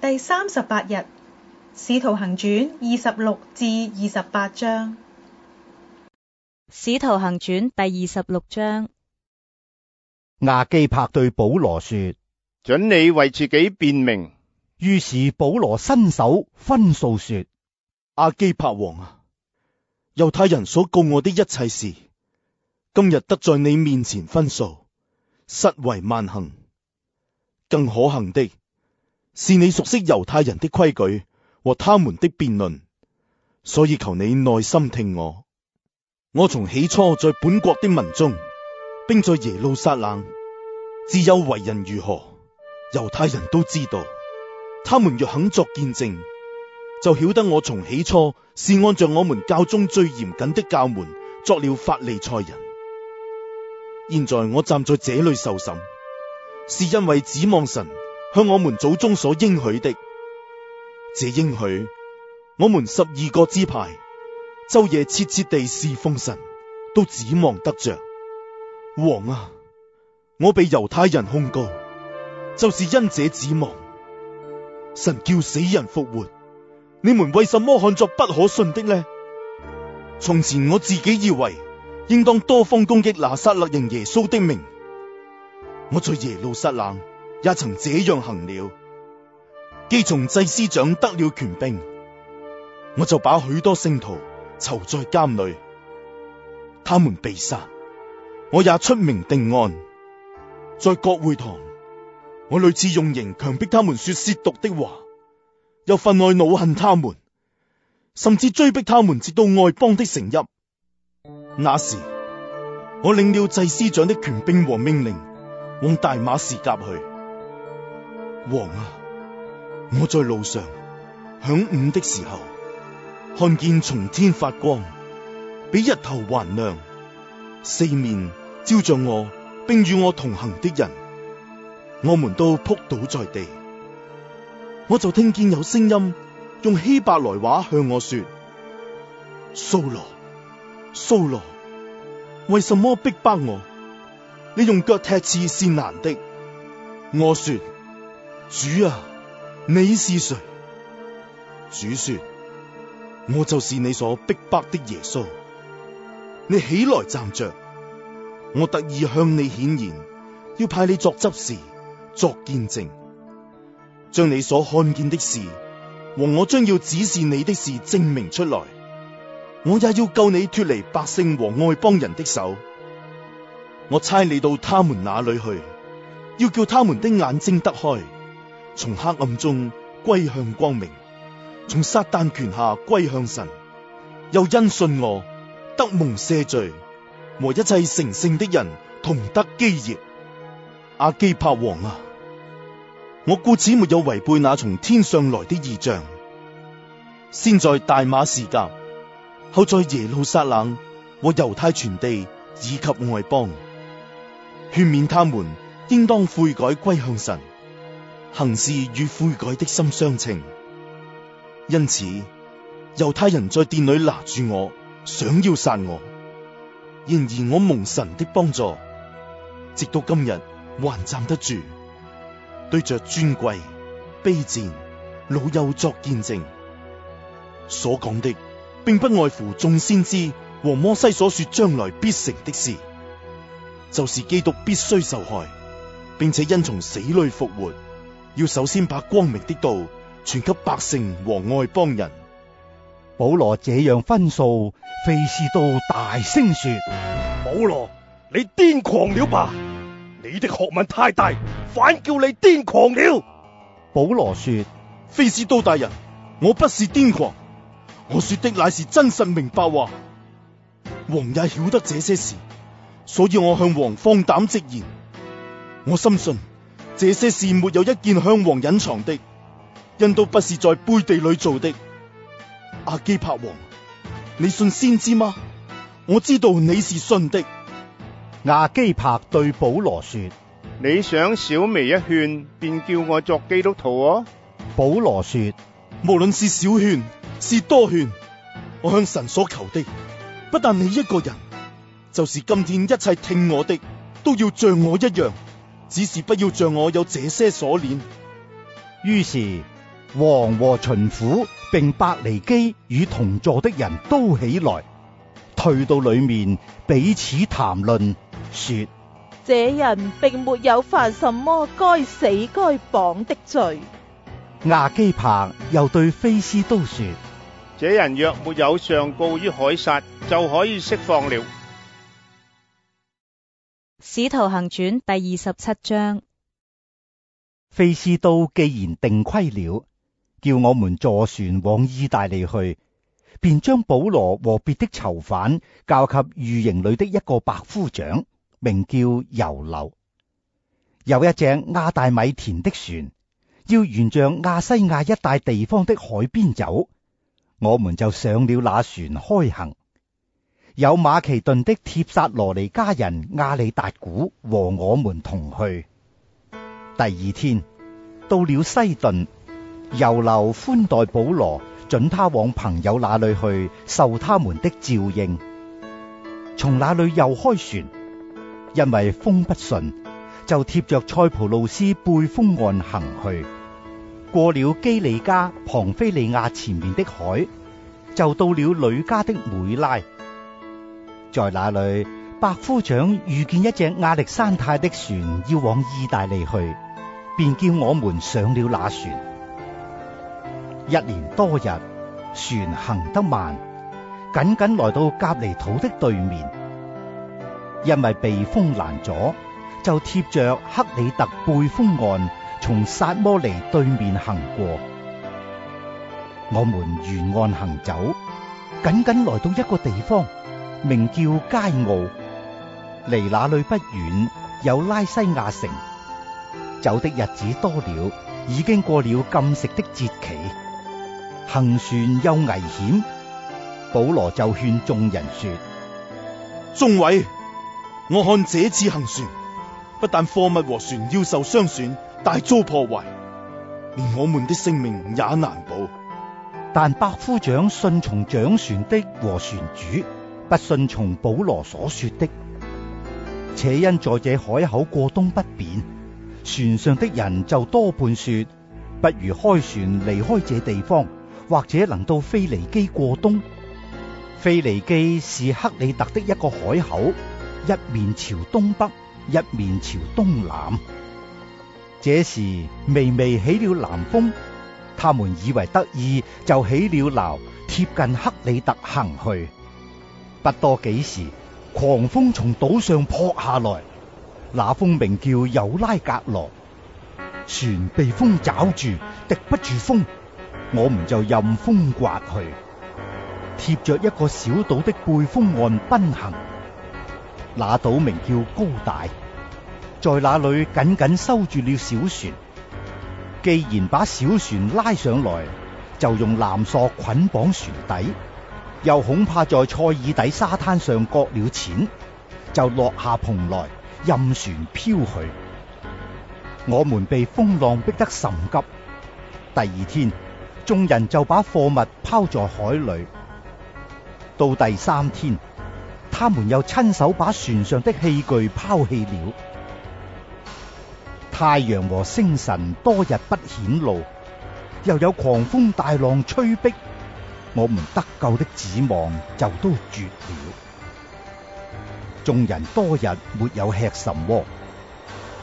第三十八日，《使徒行傳》二十六至二十八章，《使徒行傳》第二十六章。亞基帕對保羅說：准你為自己辯明。於是保羅伸手分訴說：亞基帕王啊，猶太人所告我的一切事，今日得在你面前分訴，實為萬幸，更可幸的。是你熟悉猶太人的規矩和他們的辯論，所以求你耐心聽我。我從起初在本國的民中，並在耶路撒冷，自幼為人如何，猶太人都知道。他們若肯作見證，就曉得我從起初是按着我們教中最嚴謹的教門，作了法利賽人。現在我站在這裏受審，是因為指望神。向我們祖宗所應許的，這應許，我們十二個支派晝夜切切地侍奉神，都指望得着。王啊，我被猶太人控告，就是因這指望。神叫死人復活，你們為什麼看作不可信的呢？從前我自己以為，應當多方攻擊拿撒勒人耶穌的名。我在耶路撒冷。也曾這樣行了。既從祭司長得了權柄，我就把許多聖徒囚在監裏，他們被殺，我也出名定案。在國會堂，我屢次用刑強逼他們說褻瀆的話，又分外惱恨他們，甚至追逼他們直到外邦的城邑。那時，我領了祭司長的權柄和命令，往大馬士革去。王啊！我在路上晌午的時候，看見從天發光，比日頭還亮，四面照着我，並與我同行的人，我們都撲倒在地。我就聽見有聲音用希伯來話向我說：掃羅，掃羅，為什麼逼迫我？你用腳踢刺是難的。我說。主啊，你是誰？主說：我就是你所逼迫的耶穌。你起來站着，我特意向你顯現，要派你作執事、作見證，將你所看見的事和我將要指示你的事證明出來。我也要救你脫離百姓和外邦人的手。我差你到他們那裏去，要叫他們的眼睛得開。從黑暗中歸向光明，從撒但權下歸向神，又因信我得蒙赦罪，和一切成聖的人同得基業。阿基帕王啊，我故此沒有違背那從天上來的異象，先在大馬士革，後在耶路撒冷和猶太全地以及外邦，勸勉他們應當悔改歸向神。行事與悔改的心相稱，因此猶太人在殿裏拿住我，想要殺我。然而我蒙神的幫助，直到今日還站得住，對着尊貴、卑賤、老幼作見證。所講的並不外乎眾先知和摩西所說將來必成的事，就是基督必須受害，並且因從死裏復活。要首先把光明的道傳給百姓和外邦人。保羅這樣分訴，非斯都大聲說：保羅，你癲狂了吧？你的學問太大，反叫你癲狂了。保羅說：非斯都大人，我不是癲狂，我說的乃是真實明白話。王也曉得這些事，所以我向王放膽直言。我深信。這些事沒有一件向王隱藏的，因都不是在背地裏做的。亞基帕王，你信先知嗎？我知道你是信的。亞基帕對保羅說：你想小微一勸，便叫我作基督徒，哦？啊。」保羅說：無論是小勸，是多勸，我向神所求的，不但你一個人，就是今天一切聽我的，都要像我一樣。只是不要像我有這些鎖鏈。於是王和巡撫並百尼基與同坐的人都起來，退到裏面彼此談論，說：這人並沒有犯什麼該死該綁的罪。亞基帕又對非斯都說：這人若沒有上告於該撒，就可以釋放了。《使徒行傳》第二十七章，非斯都既然定規了，叫我們坐船往意大利去，便將保羅和別的囚犯交給御營裏的一個百夫長，名叫游流。有一隻亞大米田的船，要沿着亞西亞一帶地方的海邊走，我們就上了那船開行。有馬其頓的帖撒羅尼迦人亞里達古和我們同去。第二天到了西頓，猶流寬待保羅，准他往朋友那裏去，受他們的照應。從那裏又開船，因為風不順，就貼着塞浦路斯背風岸行去。過了基利家旁菲利亞前面的海，就到了呂家的梅拉。在那裏，百夫長遇見一隻亞歷山泰的船，要往意大利去，便叫我們上了那船。一連多日，船行得慢，僅僅來到革尼土的對面，因為被風攔阻，就貼着克里特背風岸，從薩摩尼對面行過。我們沿岸行走，僅僅來到一個地方。.名叫佳澳，離那裡不遠有拉西亞城。走的日子多了，已經過了禁食的節期。行船又危險，保羅就勸眾人說：眾位，我看這次行船不但貨物和船要受傷損，大遭破壞，連我們的性命也難保。但百夫長信從掌船的和船主。不信從保羅所說的，且因在這海口過冬不便，船上的人就多半說，不如開船離開這地方，或者能到菲尼基過冬。菲尼基是克里特的一個海口，一面朝東北，一面朝東南。這時微微起了南風，他們以為得意，就起了錨，貼近克里特行去。不多幾時，狂風從島上撲下來，那風名叫尤拉格羅。船被風罩住，敵不住風，我們就任風刮去，貼着一個小島的背風岸奔行。那島名叫高大，在那裏緊緊收住了小船。既然把小船拉上來，就用纜索捆綁船底。又恐怕在塞爾底沙灘上割了淺，就落下蓬來，任船飄去。我們被風浪逼得甚急。第二天，眾人就把貨物拋在海裏。到第三天，他們又親手把船上的器具拋棄了。太陽和星辰多日不顯露，又有狂風大浪吹逼。我們得救的指望就都絕了。眾人多日沒有吃什麼，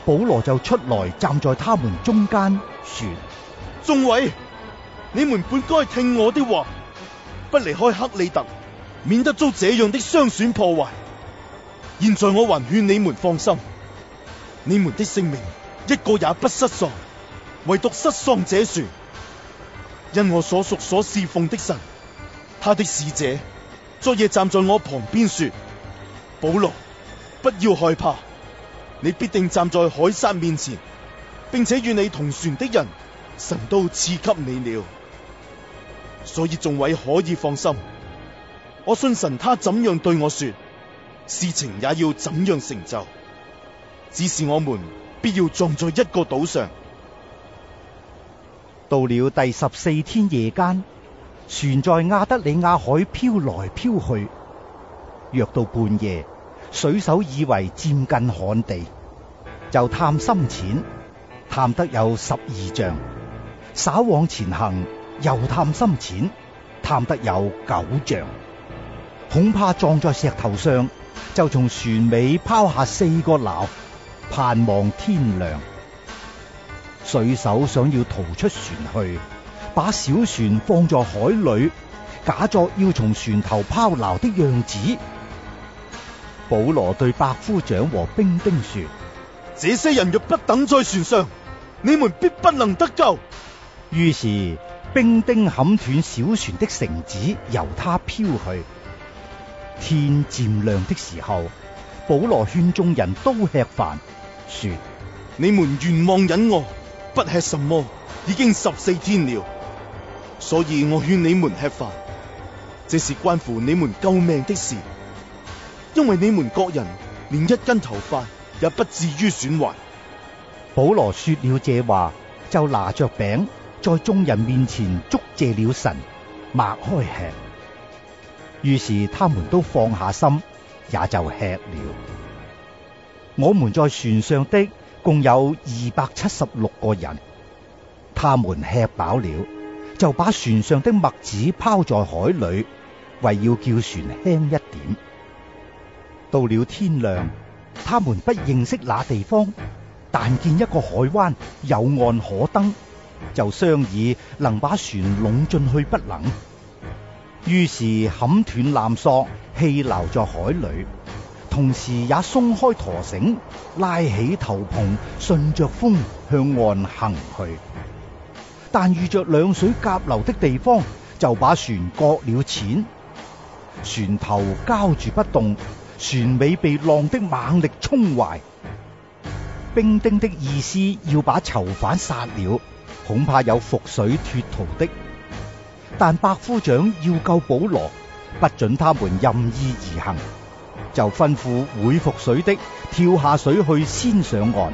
保羅就出來站在他們中間說：眾位，你們本該聽我的話，不離開克里特，免得遭這樣的傷損破壞。現在我還勸你們放心，你們的性命一個也不失喪，唯獨失喪者說：因我所屬所侍奉的神。他的使者昨夜站在我旁邊說：保羅，不要害怕，你必定站在海山面前，並且與你同船的人，神都賜給你了。所以眾位可以放心，我信神他怎樣對我說，事情也要怎樣成就。只是我們必要撞在一個島上。到了第十四天夜間。船在亞得里亞海飄來飄去，約到半夜，水手以為漸近旱地，就探深淺，探得有十二丈，稍往前行又探深淺，探得有九丈，恐怕撞在石頭上，就從船尾拋下四個錨，盼望天亮。水手想要逃出船去。把小船放在海裏，假作要從船頭拋錨的樣子。保羅對百夫長和兵丁說：這些人若不等在船上，你們必不能得救。於是兵丁砍斷小船的繩子，由他飄去。天漸亮的時候，保羅勸眾人都吃飯，說：你們願望忍餓，不吃什麼，已經十四天了。所以我勸你們吃飯，這是關乎你們救命的事，因為你們各人連一根頭髮也不至於損壞。保羅說了這話，就拿着餅在眾人面前祝謝了神，擘開吃。於是他們都放下心，也就吃了。我們在船上的共有二百七十六個人，他們吃飽了。就把船上的麥子拋在海裏，為要叫船輕一點。到了天亮，他們不認識那地方，但見一個海灣有岸可登，就商議能把船攏進去不能。於是砍斷纜索，棄留在海裏，同時也鬆開舵繩，拉起頭篷，順着風向岸行去。但遇着兩水夾流的地方，就把船擱了淺，船頭膠住不動，船尾被浪的猛力衝壞。兵丁的意思要把囚犯殺了，恐怕有覆水脫逃的。但百夫長要救保羅，不准他們任意而行，就吩咐會覆水的跳下水去先上岸，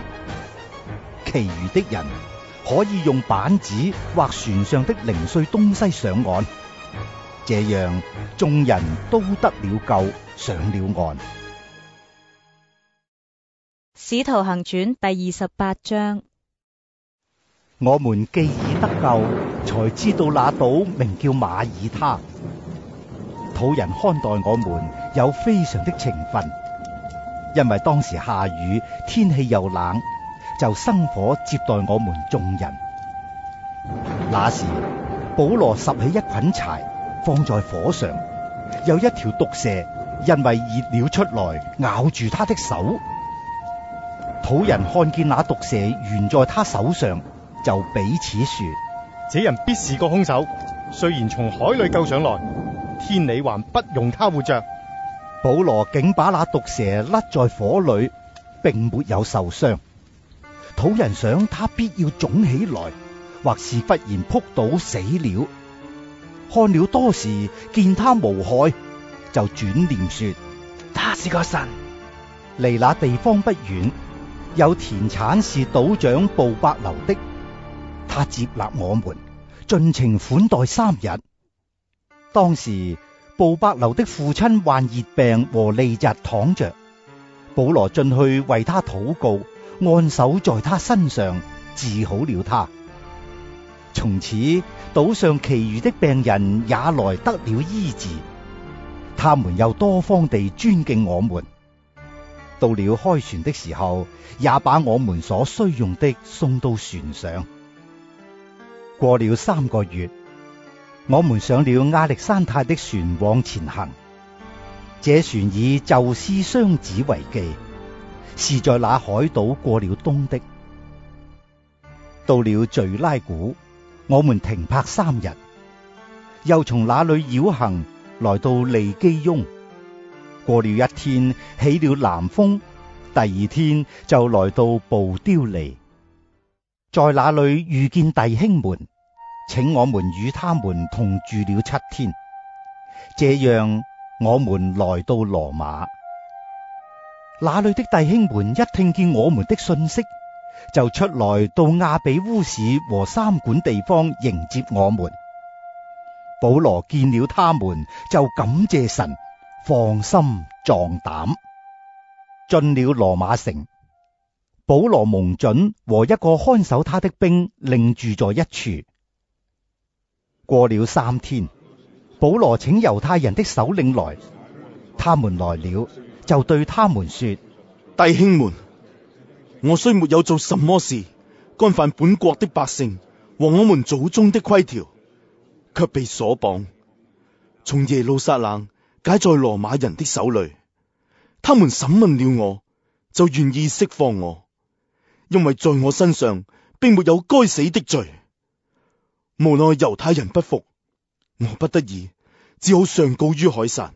其餘的人。可以用板子或船上的零碎東西上岸，這樣眾人都得了救，上了岸。《使徒行傳》第二十八章，我們既已得救，才知道那島名叫馬耳他。土人看待我們有非常的情分，因為當時下雨，天氣又冷。就生火接待我們眾人。那時保羅拾起一捆柴放在火上，有一條毒蛇因為熱了出來咬住他的手。土人看見那毒蛇懸在他手上，就彼此說：這人必是個兇手，雖然從海裏救上來，天理還不容他活着。保羅竟把那毒蛇甩在火裏，並沒有受傷。好人想他必要腫起來，或是忽然撲倒死了。看了多時，見他無害，就轉念說：他是個神。離那地方不遠，有田產是島長布伯流的。他接納我們，盡情款待三日。當時布伯流的父親患熱病和痢疾躺着，保羅進去為他禱告。按手在他身上，治好了他。從此島上其餘的病人也來得了醫治。他們又多方地尊敬我們。到了開船的時候，也把我們所需用的送到船上。過了三個月，我們上了亞歷山太的船往前行。這船以宙斯雙子為記。是在那海島過了冬的，到了敘拉古，我們停泊三日，又從那裏繞行來到利基翁，過了一天起了南風，第二天就來到部丟利，在那裏遇見弟兄們，請我們與他們同住了七天，這樣我們來到羅馬。那裡的弟兄們一聽見我們的信息，就出來到亞比烏市和三館地方迎接我們。保羅見了他們，就感謝神，放心壯膽，進了羅馬城。保羅蒙准和一個看守他的兵另住在一處。過了三天，保羅請猶太人的首領來，他們來了。就對他們說：弟兄們，我雖沒有做什麼事，干犯本國的百姓和我們祖宗的規條，卻被鎖綁，從耶路撒冷解在羅馬人的手裏。他們審問了我，就願意釋放我，因為在我身上並沒有該死的罪。無奈猶太人不服，我不得已只好上告於海神。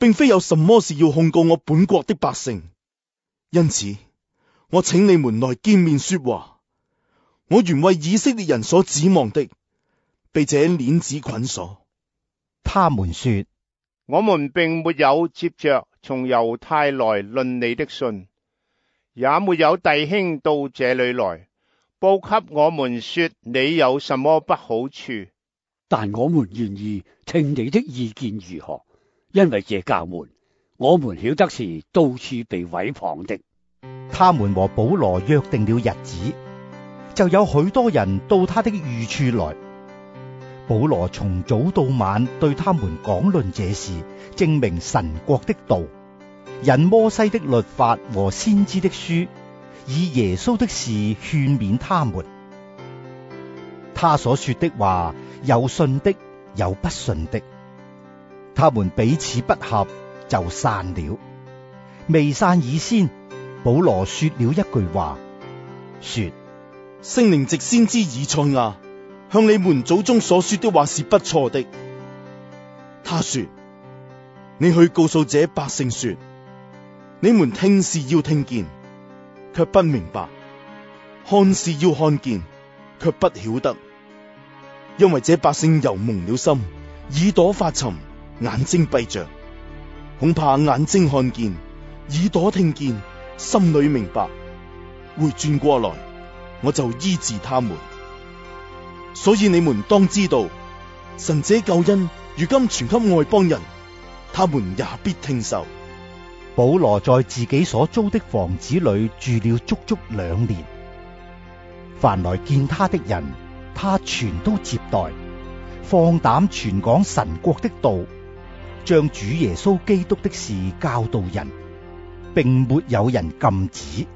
並非有什麼事要控告我本國的百姓，因此我請你們來見面說話。我原為以色列人所指望的，被這鏈子捆鎖。他們說：我們並沒有接着從猶太來論你的信，也沒有弟兄到這裏來報給我們說你有什麼不好處，但我們願意聽你的意見如何。因為這教門，我們曉得是到處被毀謗的。他們和保羅約定了日子，就有許多人到他的寓處來。保羅從早到晚對他們講論這事，證明神國的道，引摩西的律法和先知的書，以耶穌的事勸勉他們。他所說的話，有信的，有不信的。他們彼此不合，就散了。未散以先，保羅說了一句話，說聖靈藉先知以賽亞向你們祖宗所說的話是不錯的。他說，你去告訴這百姓說，你們聽是要聽見，却不明白；看是要看見，却不曉得。因為這百姓油蒙了心，耳朵發沉。眼睛閉着，恐怕眼睛看見，耳朵聽見，心裏明白，回轉過來，我就醫治他們。所以你們當知道，神這救恩如今傳給外邦人，他們也必聽受。保羅在自己所租的房子裏住了足足兩年，凡來見他的人，他全都接待，放膽傳講神國的道。將主耶穌基督的事教導人，並沒有人禁止。